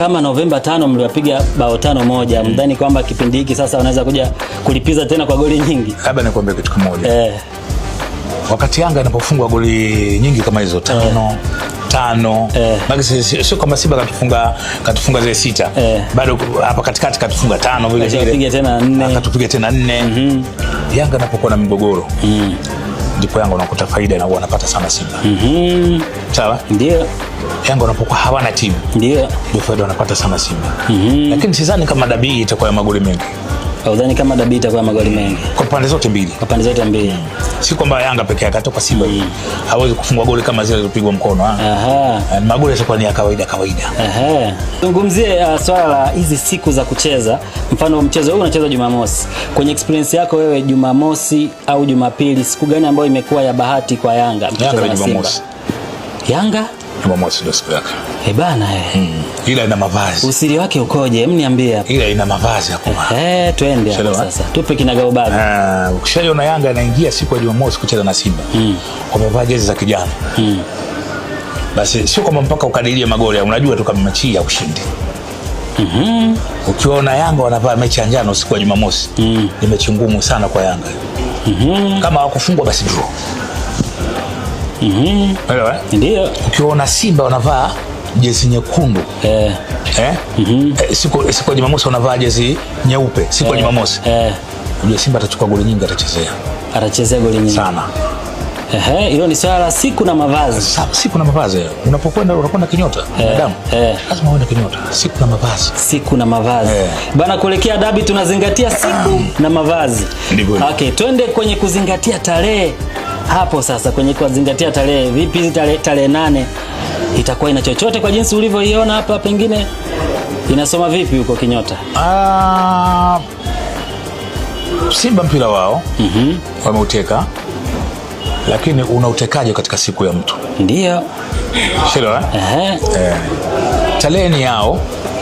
Kama Novemba tano mliwapiga bao tano moja, mm. mdhani kwamba kipindi hiki sasa wanaweza kuja kulipiza tena kwa goli nyingi? Labda nikwambie kitu kimoja eh, wakati Yanga inapofungwa goli nyingi kama hizo eh. tano eh tano eh. Sio kama Simba katufunga katufunga zile sita eh. Bado hapa katikati katufunga tano vile vile, akatupiga tena nne, akatupiga ah, tena nne. mm -hmm. Yanga inapokuwa na migogoro mm ndipo Yanga unakuta faida na wanapata sana Simba. Mhm. Sawa? Ndio. Yanga unapokuwa hawana timu. Ndio. Ndio faida wanapata sana Simba. Mhm. Lakini sidhani kama dabi itakuwa ya magoli mengi. Udhani kama dabi itakuwa magoli mengi kwa pande zote mbili, kwa pande zote mbili, si kwamba Yanga peke yake, hata kwa Simba mm. hawezi kufungwa goli kama zile zilizopigwa mkono. Ah. Aha, eh, magoli yatakuwa ni ya kawaida kawaida. Aha, zungumzie uh, ah, swala la hizi siku za kucheza. Mfano mchezo huu unachezwa Jumamosi, kwenye experience yako wewe, Jumamosi au Jumapili, siku gani ambayo imekuwa ya bahati kwa Yanga mchezo na Simba? Yanga Jumamosi ndio siku yake. Eh bana eh. Hmm. Ila ina mavazi. Usiri wake ukoje? Mniambie hapa. Ila ina mavazi hapo. Eh, twende hapo sasa. Tupe kinagao baba. Ah, eh, ukishaona Yanga anaingia siku ya Jumamosi kucheza na Simba. Mm. Wamevaa jezi za kijani. Mm. Basi sio kama mpaka ukadirie magoli, unajua tu kama mechi ya ushindi. Mhm. Mm Ukiona Yanga wanavaa mechi ya njano siku ya Jumamosi. Mm. Ni mechi ngumu sana kwa Yanga. Mhm. Mm kama hawakufungwa basi draw mm -hmm. Ndio ukiona Simba wanavaa jezi nyekundu eh. Eh? Mm -hmm. Siku siku Jumamosi wanavaa jezi nyeupe siku eh. Jumamosi eh. Unajua Simba atachukua goli nyingi, atachezea atachezea goli nyingi sana. hilo ni swala la siku na mavazi. siku na mavazi. Unapokwenda unakwenda kinyota eh, binadamu. lazima uende kinyota. Siku na mavazi. Siku na mavazi. Bana, kuelekea dabi tunazingatia siku ah. na mavazi. Okay, twende kwenye kuzingatia tarehe hapo sasa kwenye kuzingatia tarehe vipi, tarehe tarehe nane itakuwa ina chochote kwa jinsi ulivyoiona hapa? Pengine inasoma vipi huko kinyota? Ah, Simba mpira wao mm -hmm. wameuteka, lakini unautekaje katika siku ya mtu? Ndio shelewa eh? eh, tarehe ni yao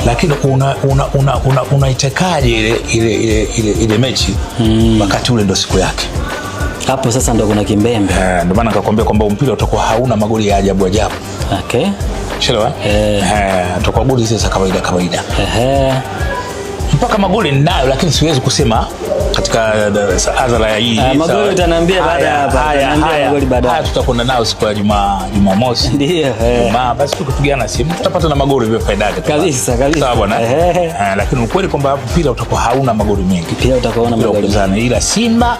lakini unaitekaje una, una, una ile, ile, ile, ile mechi mm. Wakati ule ndo siku yake hapo sasa ndo kuna kimbembe. Eh, ndio maana nikakwambia kwamba mpira utakuwa hauna magoli ya ajabu ajabu. Okay. Shelewa? Eh. eh, utakuwa goli sasa kawaida kawaida. Ehe. Mpaka magoli ninayo lakini siwezi kusema katika hadhara eh, ya hii. Ah, magoli utaniambia baada hapa. Utaniambia magoli baada. Haya tutakwenda nayo siku ya Juma Jumamosi. Ndio. Eh. Jumaa basi tukipigiana simu tutapata na magoli vile faida yake. Kabisa kabisa. Sawa bwana. Eh, lakini ukweli kwamba mpira utakuwa hauna magoli mengi. Pia utakuwa na magoli mengi. Ila Simba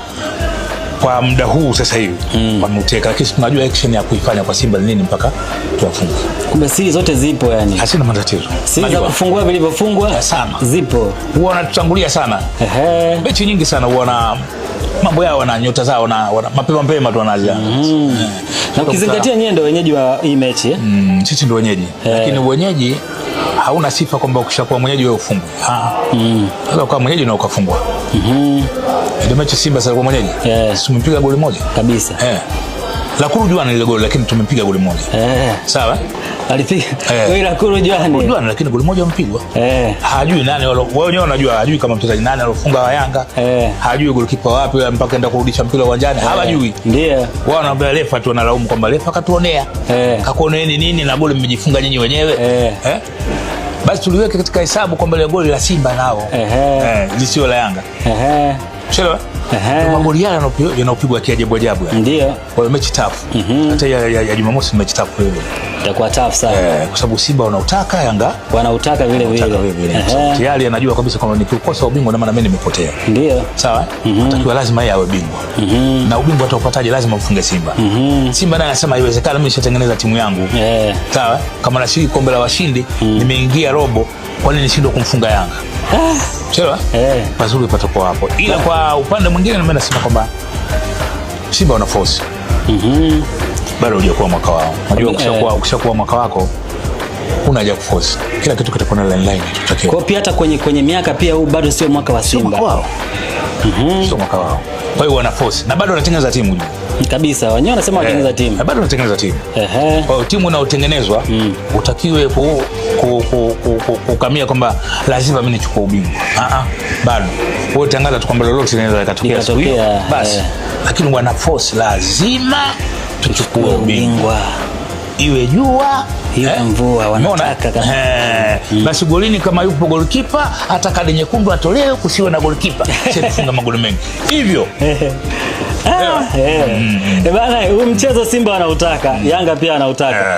kwa muda huu sasa hivi mm. wameuteka, lakini tunajua action ya kuifanya kwa Simba nini mpaka tuwafunge. Kumbe siri zote zipo, yani hasina matatizo. Siri za kufungua vilivyofungwa eh, sana zipo, huwa wanatutangulia sana. Ehe, mechi nyingi sana huwa na mambo yao na nyota zao na mapema mapema tu wanaja mm. na ukizingatia, nyewe ndio wenyeji wa hii mechi eh? mm, sisi ndio wenyeji, eh. lakini wenyeji hauna sifa kwamba ukishakuwa mwenyeji wewe ufungwe. Ah. Mm. Mm-hmm. Sasa ukawa mwenyeji na ukafungwa. Mhm. Mm Ndio mechi Simba sasa kwa mwenyeji. Yes. Tumempiga goli moja. Kabisa. Eh. Yeah. La kuru juana ile goli lakini tumempiga goli moja. Eh. Sawa? Alipiga. Kwa eh. hiyo la kuru juana. Juana lakini goli moja mpigwa. Eh. Hajui nani wao wenyewe wanajua, hajui kama mchezaji nani alofunga wa Yanga. Eh. Hajui golikipa wapi mpaka enda kurudisha mpira uwanjani. Eh. Hawajui. Ndio. Wao wanaambia refa tu wanalaumu kwamba refa katuonea. Eh. Kakuoneeni nini na goli mmejifunga nyinyi wenyewe? Eh. Eh? basi tuliweke katika hesabu kwamba ile goli la Simba nao lisio eh, la Yanga. Ehe. Unaelewa? Eh. Magoli yale yanapigwa kiajabu ajabu. Ndio. Kwa hiyo mechi tafu. Mhm. Hata ya ya, ya Jumamosi ni mechi tafu ile. Itakuwa tafu sana. Eh, Kwa sababu Simba wanautaka, Yanga wanautaka vile vile. vile vile. Tayari anajua kabisa kwamba nikikosa ubingwa na maana mimi nimepotea. Ndio. Sawa? Mhm. Atakiwa lazima yeye awe bingwa. Mhm. Na ubingwa ataupataje? Lazima ufunge Simba. Simba naye anasema haiwezekani, mimi nishatengeneza timu yangu. Eh. Sawa? Kama na sisi kombe la washindi nimeingia robo, kwa nini nishindwe kumfunga Yanga? eh, pazuri patakuwa hapo, ila kwa upande mwingine mimi nasema kwamba Simba wana force mm -hmm. Bado hujakuwa mwaka wao, unajua eh. ukishakuwa ukishakuwa mwaka wako una haja kuforce kila kitu kitakuwa line line tutakiwa. Kwa pia hata kwenye kwenye miaka pia huu bado sio mwaka wa Simba, sio mwaka wao, mhm. sio mwaka wao. Kwa hiyo wana force na bado wanatengeneza timu juu kabisa, wenyewe wanasema watengeneza eh, timu, bado wanatengeneza timu. Ehe, kwa hiyo timu inayotengenezwa mm. utakiwe kukamia kwamba lazima mimi nichukue ubingwa, ah, ah, bado wewe tangaza tu kwamba lolote linaweza likatokea siku hiyo basi, eh. lakini wana force, lazima tuchukue ubingwa iwe jua eh, mvua wanataka kama eh. mm. Basi golini kama yupo golikipa, hata kadi nyekundu atolewe, kusiwe na golikipa sisi tufunga magoli mengi hivyo Eh, eh. Mm. eh, bana, huu mchezo Simba wanautaka, Yanga pia wanautaka. Eh.